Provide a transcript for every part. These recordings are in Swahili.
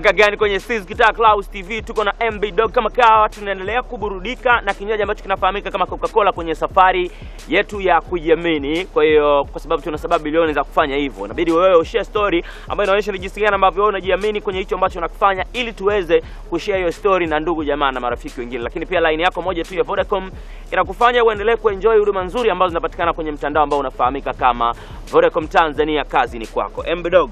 Kaka gani kwenye Sis Guitar Klaus TV, tuko na MB Dog kama kawa, tunaendelea kuburudika na kinywaji ambacho kinafahamika kama Coca-Cola kwenye safari yetu ya kujiamini. Kwa hiyo kwa sababu tuna sababu bilioni za kufanya hivyo, inabidi wewe ushare story ambayo inaonyesha ni jinsi gani ambavyo wewe unajiamini kwenye hicho ambacho unakifanya, ili tuweze kushare hiyo story na ndugu jamaa na marafiki wengine. Lakini pia line yako moja tu ya Vodacom inakufanya uendelee kuenjoy huduma nzuri ambazo zinapatikana kwenye mtandao ambao unafahamika kama Vodacom Tanzania. Kazi ni kwako MB Dog.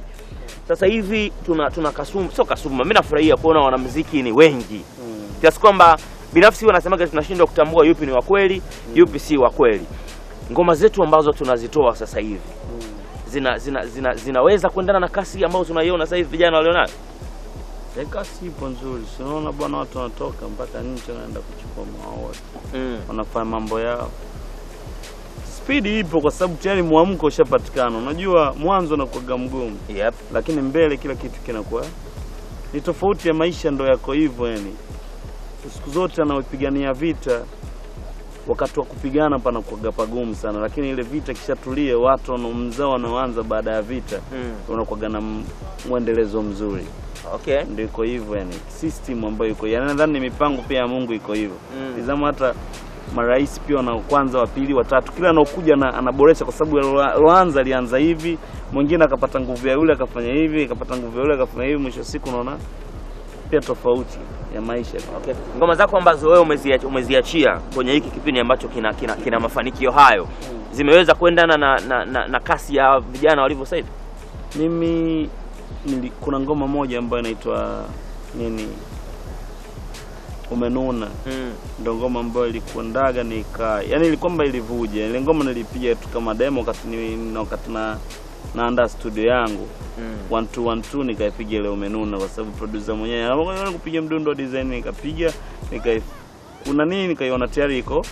Sasa hivi tuna, tuna kasumu sio kasumu Mimi nafurahia kuona wanamuziki ni wengi mm. kiasi kwamba binafsi wanasemaga tunashindwa kutambua yupi ni wa kweli mm. yupi si wa kweli. Ngoma zetu ambazo tunazitoa sasa hivi mm. zina, zina, zina, zinaweza kuendana na kasi ambayo tunaiona sasa hivi vijana walionayo. Eh, kasi ipo nzuri, unaona bwana, watu wanatoka mpaka nje wanaenda kuchukua maua mm. wanafanya mambo yao spidi ipo kwa sababu tayari mwamko ushapatikana. Unajua mwanzo unakuwaga mgumu yep. Lakini mbele kila kitu kinakuwa ni tofauti ya maisha, ndo yako hivyo yani. Siku zote anaopigania vita, wakati wa kupigana panakuwaga pagumu sana, lakini ile vita kishatulia, watu wanaomzaa wanaoanza baada ya vita mm. unakuwaga na mwendelezo mzuri okay. Ndio iko hivyo yani, system ambayo iko yani, nadhani mipango pia ya Mungu iko hivyo mm. Tizama hata marais pia na kwanza wa pili wa tatu, kila anaokuja na anaboresha, kwa sababu Loanza alianza hivi, mwingine akapata nguvu ya yule akafanya hivi, akapata nguvu ya yule akafanya hivi, mwisho siku unaona pia tofauti ya maisha. Okay. Ngoma zako ambazo wewe umeziachia umeziachia kwenye hiki kipindi ambacho kina, kina, kina mafanikio hayo zimeweza kuendana na, na, na, na kasi ya vijana walivyo sasa hivi? Mimi nili, kuna ngoma moja ambayo inaitwa nini umenuna mm. Ndo ngoma ambayo ilikundaga nika yani ilikwamba ilivuja ile ngoma nilipiga tu kama demo wakati ni wakati na naanda studio yangu mm. one two one two nikaipiga ile umenuna, kwa sababu producer mwenyewe anaona kupiga mdundo design, nikapiga nika kuna nini, nikaiona tayari iko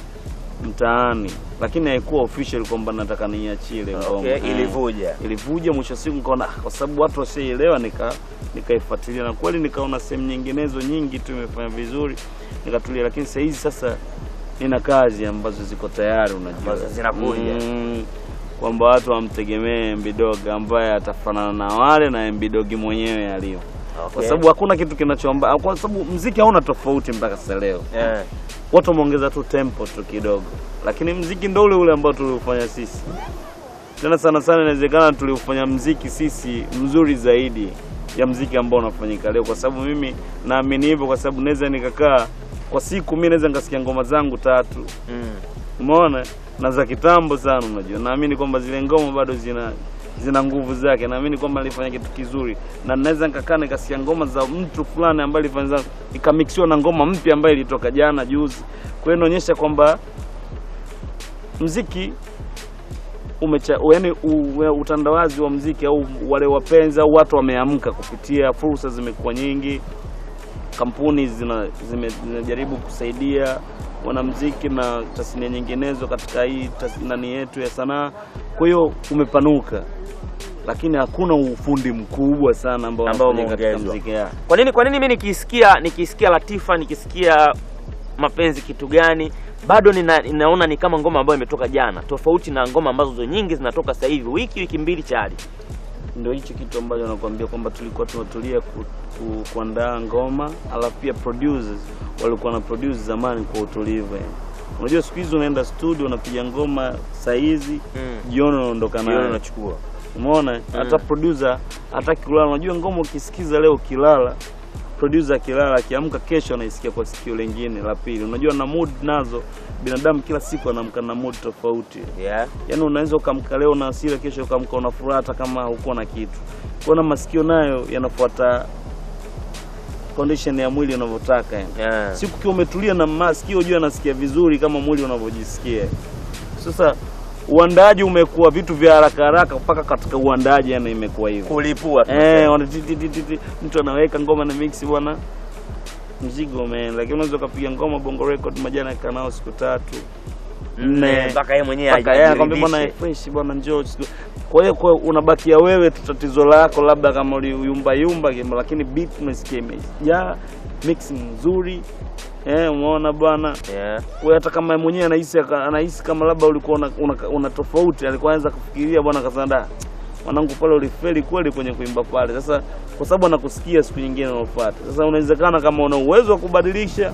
mtaani, lakini haikuwa official kwamba nataka niachie ile ngoma okay, ilivuja ilivuja mwisho siku nikaona, ah, kwa sababu watu wasielewa nika nikaifuatilia, na kweli nikaona sehemu nyinginezo nyingi tu imefanya vizuri, nikatulia. Lakini sasa hizi sasa nina kazi ambazo ziko tayari, unajua zinakuja mm, kwamba watu wamtegemee Mbidog ambaye atafanana na wale na Mbidog mwenyewe alio Okay. Kwa sababu hakuna kitu kinachoomba, kwa sababu mziki hauna tofauti mpaka sasa leo yeah. Watu wameongeza tu tempo tu kidogo, lakini mziki ndio ule ule ambao tuliufanya sisi. Tena sana sana inawezekana tuliufanya mziki sisi mzuri zaidi ya mziki ambao unafanyika leo, kwa sababu mimi naamini hivyo, kwa sababu naweza nikakaa kwa siku, mimi naweza nikasikia ngoma zangu tatu mm. Umeona, na za kitambo sana. Unajua, naamini kwamba zile ngoma bado zina zina nguvu zake. Naamini kwamba alifanya kitu kizuri, na naweza nikakaa nikasikia ngoma za mtu fulani ambaye alifanya ikamixiwa na ngoma mpya ambayo ilitoka jana juzi. Kwa hiyo inaonyesha kwamba mziki umecha, yani utandawazi wa mziki au wale wapenzi au watu wameamka kupitia, fursa zimekuwa nyingi, kampuni zina, zime, zinajaribu kusaidia wanamziki na tasnia nyinginezo katika hii nani yetu ya sanaa. Kwa hiyo umepanuka, lakini hakuna ufundi mkubwa sana ambao katika muziki. Kwa nini kwa nini mimi nikisikia nikisikia Latifa nikisikia mapenzi kitu gani bado nina, ninaona ni kama ngoma ambayo imetoka jana, tofauti na ngoma ambazo nyingi zinatoka sasa hivi wiki wiki mbili chali. Ndio hicho kitu ambacho nakwambia kwamba tulikuwa tunatulia ku, ku, kuandaa ngoma, alafu pia producers walikuwa na produce zamani kwa utulivu. Unajua siku hizi unaenda studio unapiga ngoma saa hizi mm. jioni unaondoka nayo unachukua, umeona mm. hata producer hataki kulala. Unajua ngoma ukisikiza leo ukilala producer akilala akiamka kesho anaisikia kwa sikio lingine la pili. Unajua na mood nazo binadamu kila siku anaamka na mood tofauti. Yeah. Yani unaweza ukamka leo na hasira, kesho ukamka una furaha hata kama huko na kitu. Kwa na masikio nayo yanafuata condition ya mwili unavyotaka yani. Yeah. Siku ukiwa umetulia na masikio unajua anasikia vizuri kama mwili unavyojisikia. Sasa uandaji umekuwa vitu vya haraka haraka, mpaka katika uandaji yani imekuwa hivyo kulipua eh, mtu anaweka ngoma na mix bwana, mzigo man. Lakini unaweza ukapiga ngoma Bongo Record majana kanao siku tatu mm, nne, eh, mpaka yeye mwenyewe aje anakuambia bwana fresh bwana, njoo. Kwa hiyo kwa unabakia wewe tatizo lako, labda kama uliyumba yumba, lakini beat umesikia imejaa, mixing nzuri Eh, umeona bwana. Yeah. Wewe hata kama mwenyewe anahisi anahisi kama labda ulikuwa una, una, una tofauti, alikuwa anaanza kufikiria bwana Kasanda. Mwanangu pale ulifeli kweli kwenye kuimba pale. Sasa kwa sababu anakusikia siku nyingine unaopata. Sasa unawezekana kama una uwezo wa kubadilisha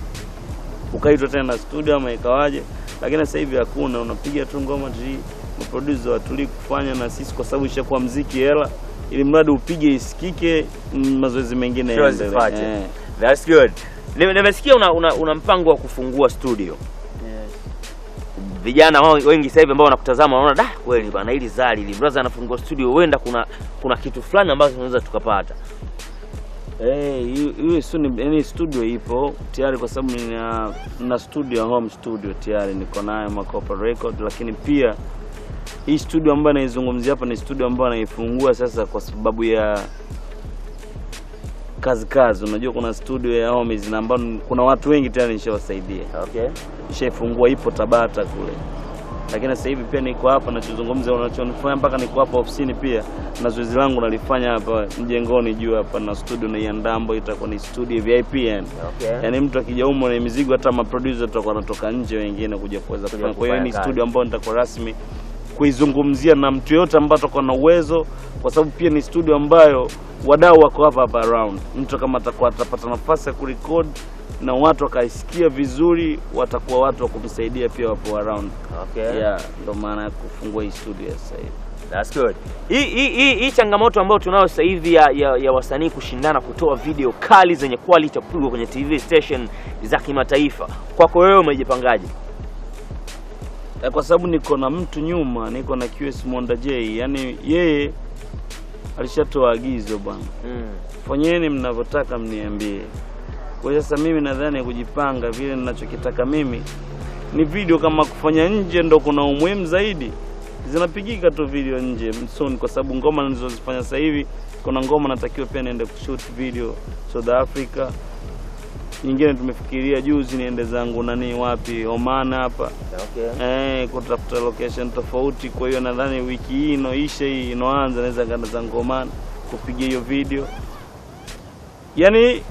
ukaitwa tena studio ama ikawaje, lakini sasa hivi hakuna, unapiga tu ngoma tu producer watulii kufanya na sisi, kwa sababu ishakuwa mziki hela, ili mradi upige isikike, mm, mazoezi mengine yaendelee. Sure, eh. That's good. Nimesikia una, una, una mpango wa kufungua studio yes. Vijana wao wengi sasa hivi ambao wanakutazama wanaona da, kweli bana, hili zali hili brother anafungua studio, huenda kuna kuna kitu fulani ambacho tunaweza tukapata. Eh, hey, yani studio ipo tayari kwa sababu nina, na studio home studio tayari niko nayo Makopa Record, lakini pia hii studio ambayo naizungumzia hapa ni studio ambayo naifungua sasa kwa sababu ya kazi kazi. Unajua kuna studio ya homies na ambao kuna watu wengi tayari nishawasaidia. Okay. Nishafungua ipo Tabata kule. Lakini sasa hivi pia niko hapa nachozungumza, unachonifanya mpaka niko hapa ofisini pia na zoezi langu nalifanya hapa mjengoni juu hapa, na studio naiandaa ambayo itakuwa ni studio VIP yani. Okay. yani mtu akija humo na mizigo, hata maproducer tutakuwa natoka nje wengine kuja kuweza kufanya. Kwa hiyo ni studio ambayo nitakuwa rasmi kuizungumzia na mtu yoyote ambaye atakuwa na uwezo, kwa sababu pia ni studio ambayo wadau wako hapa hapa around. Mtu kama atakuwa atapata nafasi ya kurekod na watu wakaisikia vizuri, watakuwa watu wa kumsaidia pia, wapo around. Okay, yeah, ndo maana ya kufungua hii studio sasa hivi. That's good. Hii changamoto ambayo tunayo sasa hivi ya, ya, ya wasanii kushindana kutoa video kali zenye quality kupigwa kwenye TV station za kimataifa, kwako wewe umejipangaje? Eh, kwa sababu niko na mtu nyuma, niko na QS Monda J, yani yeye alishatoa agizo bwana, mm. fanyeni mnavyotaka mniambie. Kwa sasa mimi nadhani kujipanga vile ninachokitaka mimi ni video kama kufanya nje, ndo kuna umuhimu zaidi. Zinapigika tu video nje msoni, kwa sababu ngoma nilizozifanya sasa hivi, kuna ngoma natakiwa pia niende kushoot video South Africa nyingine tumefikiria juzi niende zangu nani wapi Oman hapa okay. Eh, kutafuta location tofauti. Kwa hiyo nadhani wiki hii inoishe hii inoanza naweza kaenda zangu Oman kupiga hiyo video, yaani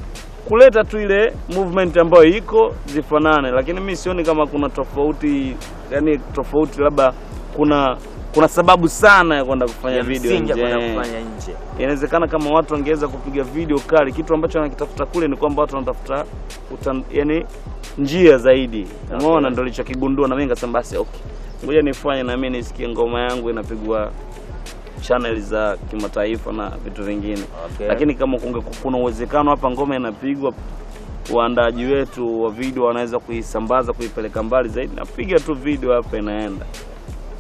kuleta tu ile movement ambayo iko zifanane, lakini mi sioni kama kuna tofauti, yani tofauti labda kuna kuna sababu sana ya kwenda kufanya video nje. Inawezekana kama watu wangeweza kupiga video kali, kitu ambacho wanakitafuta kule ni kwamba watu wanatafuta yani njia zaidi, umeona, ndio lichokigundua na mimi nikasema basi, okay, ngoja nifanye na mimi nisikie ngoma yangu inapigwa channel za kimataifa na vitu vingine okay. Lakini kama kuna uwezekano hapa ngoma inapigwa waandaaji wetu wa video wanaweza kuisambaza kuipeleka mbali zaidi, napiga tu video hapa inaenda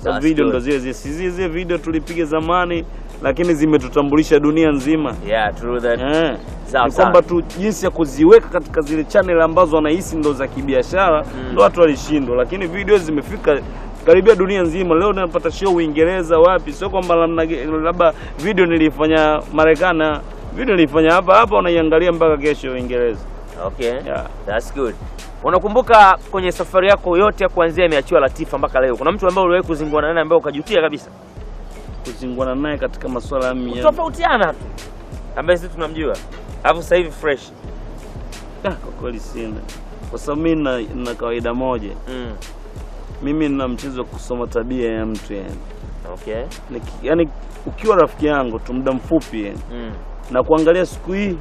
That's video ndo zile zile, si zile video tulipiga zamani, lakini zimetutambulisha dunia nzima. Yeah, true that. Yeah. Ni kwamba tu jinsi ya kuziweka katika zile channel ambazo wanahisi ndo za kibiashara mm. ndo watu walishindwa, lakini video zimefika karibia dunia nzima. Leo napata show Uingereza, wapi, sio kwamba labda video nilifanya Marekani, video nilifanya hapa hapa, wanaiangalia mpaka kesho Uingereza. Okay. Yeah. That's good. Unakumbuka kwenye safari yako yote ya kuanzia imeachiwa Latifa mpaka leo, kuna mtu ambaye uliwahi kuzingwana naye ambaye ukajutia kabisa? Kuzingwana naye katika masuala ya mimi. Tofautiana tu. Ambaye sisi tunamjua. Alafu sasa hivi fresh. Ah, kwa kweli sina. Kwa sababu mimi na, na kawaida moja. Mm. Mimi nina mchezo wa kusoma tabia ya mtu yani. Okay. Ni, yani ukiwa rafiki yangu tu muda mfupi yani. Mm. Na kuangalia siku hii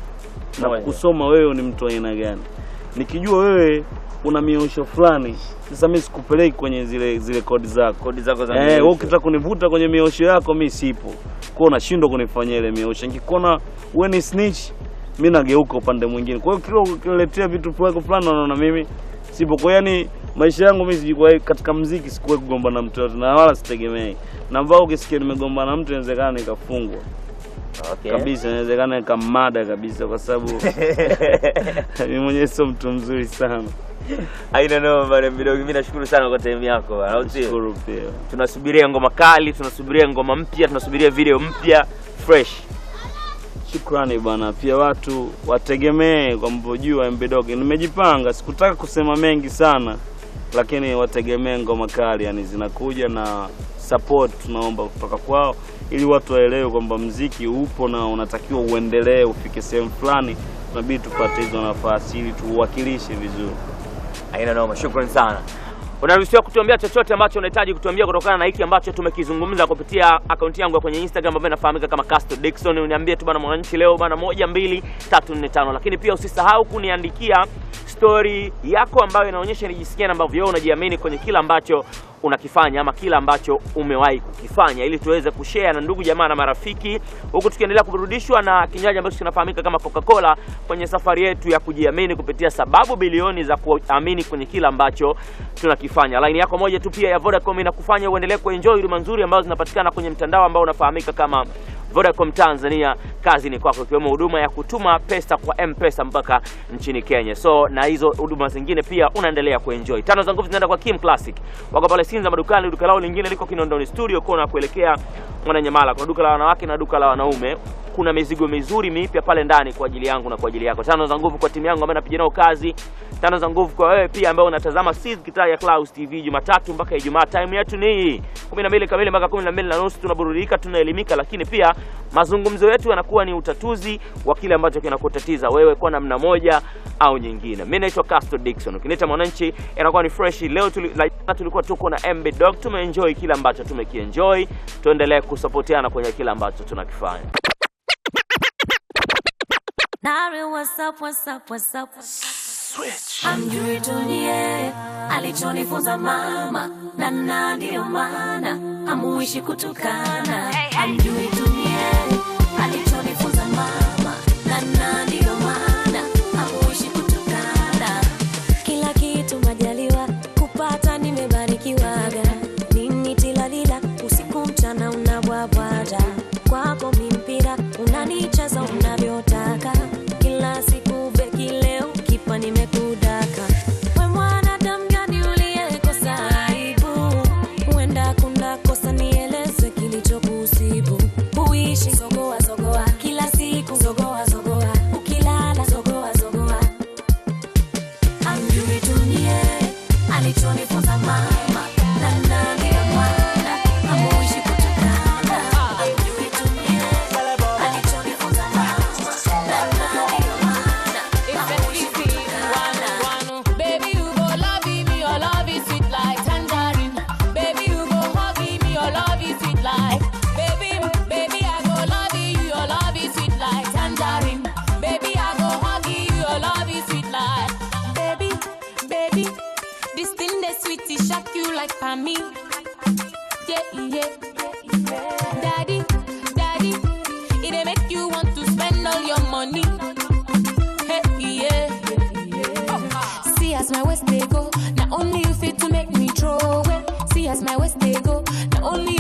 na kusoma wewe ni mtu aina gani. Nikijua wewe una miosho fulani, sasa mimi sikupeleki kwenye zile zile kodi zako, kodi zako za eh, wewe ukitaka kunivuta kwenye miosho yako mimi sipo, kwa unashindwa kunifanyia ile miosho. nikikona wewe ni snitch, mimi nageuka upande mwingine. Kwa hiyo kila ukiletea vitu vyako fulani, unaona mimi sipo. Kwa yani maisha yangu mimi sijikuwa katika mziki, sikuwahi kugombana na mtu yote na wala sitegemei, na mbao ukisikia nimegombana na mtu inawezekana nikafungwa okay. kabisa, inawezekana kamada kabisa, kwa sababu mi mwenyewe sio mtu mzuri sana. Haina noma bwana Mbidogo, mimi nashukuru sana kwa time yako bwana, au pia. Tunasubiria ngoma kali, tunasubiria ngoma mpya, tunasubiria video mpya fresh. Shukrani bwana, pia watu wategemee kwamba jua Mbidogo, nimejipanga, sikutaka kusema mengi sana, lakini wategemee ngoma kali, yani zinakuja na support tunaomba kutoka kwao ili watu waelewe kwamba mziki upo na unatakiwa uendelee, ufike sehemu fulani, tunabidi tupate hizo nafasi ili tuuwakilishe vizuri. Aina noma, shukrani sana. Unaruhusiwa kutuambia chochote ambacho unahitaji kutuambia kutokana na hiki ambacho tumekizungumza kupitia akaunti yangu ya kwenye Instagram ambayo inafahamika kama Castro Dickson. Uniambie tu bana, mwananchi leo bana, moja mbili tatu nne tano. Lakini pia usisahau kuniandikia story yako ambayo inaonyesha nijisikia ambavyo wewe unajiamini kwenye kila ambacho unakifanya ama kila ambacho umewahi kukifanya, ili tuweze kushare na ndugu jamaa na marafiki, huku tukiendelea kuburudishwa na kinywaji ambacho kinafahamika kama Coca-Cola kwenye safari yetu ya kujiamini kupitia sababu bilioni za kuamini kwenye kila ambacho tunakifanya. Laini yako moja tu pia ya Vodacom inakufanya uendelee kuenjoy huduma nzuri ambazo zinapatikana kwenye mtandao ambao unafahamika kama Vodacom Tanzania, kazi ni kwako, ikiwemo huduma ya kutuma pesa kwa M-Pesa mpaka nchini Kenya. So na hizo huduma zingine pia unaendelea kuenjoy. Tano za nguvu zinaenda kwa Kim Classic, wako pale Sinza madukani. Duka lao lingine liko Kinondoni studio kona kuelekea Mwananyamala, kuna duka la wanawake na duka la wanaume kuna mizigo mizuri mipya pale ndani kwa ajili yangu na kwa ajili yako. Tano za nguvu kwa timu yangu ambayo napiga nao kazi Tano za nguvu kwa wewe pia ambaye unatazama Sidh Kitaya Clouds TV Jumatatu mpaka Ijumaa. Time yetu ni 12 kamili mpaka 12 na nusu. Tunaburudika, tunaelimika, lakini pia mazungumzo yetu yanakuwa ni utatuzi wa kile ambacho kinakutatiza wewe kwa namna moja au nyingine. Mimi naitwa Castro Dixon, Ukiniita Mwananchi inakuwa ni fresh. Leo tulikuwa tuko na MB Dog, tumeenjoy kile ambacho tumekienjoy. Tuendelee kusapotiana kwenye kile ambacho tunakifanya. Nari, what's up, what's up, what's up. Switch. Amjui tulie alichonifunza mama, na ndio maana amuishi kutukana. Amjui 2024. like for me. Yeah, yeah. Daddy, daddy, it'll make you want to spend all your money. Hey, yeah. Oh. See as my waist they go, not only you fit to make me throw away. See as my waist they go, not only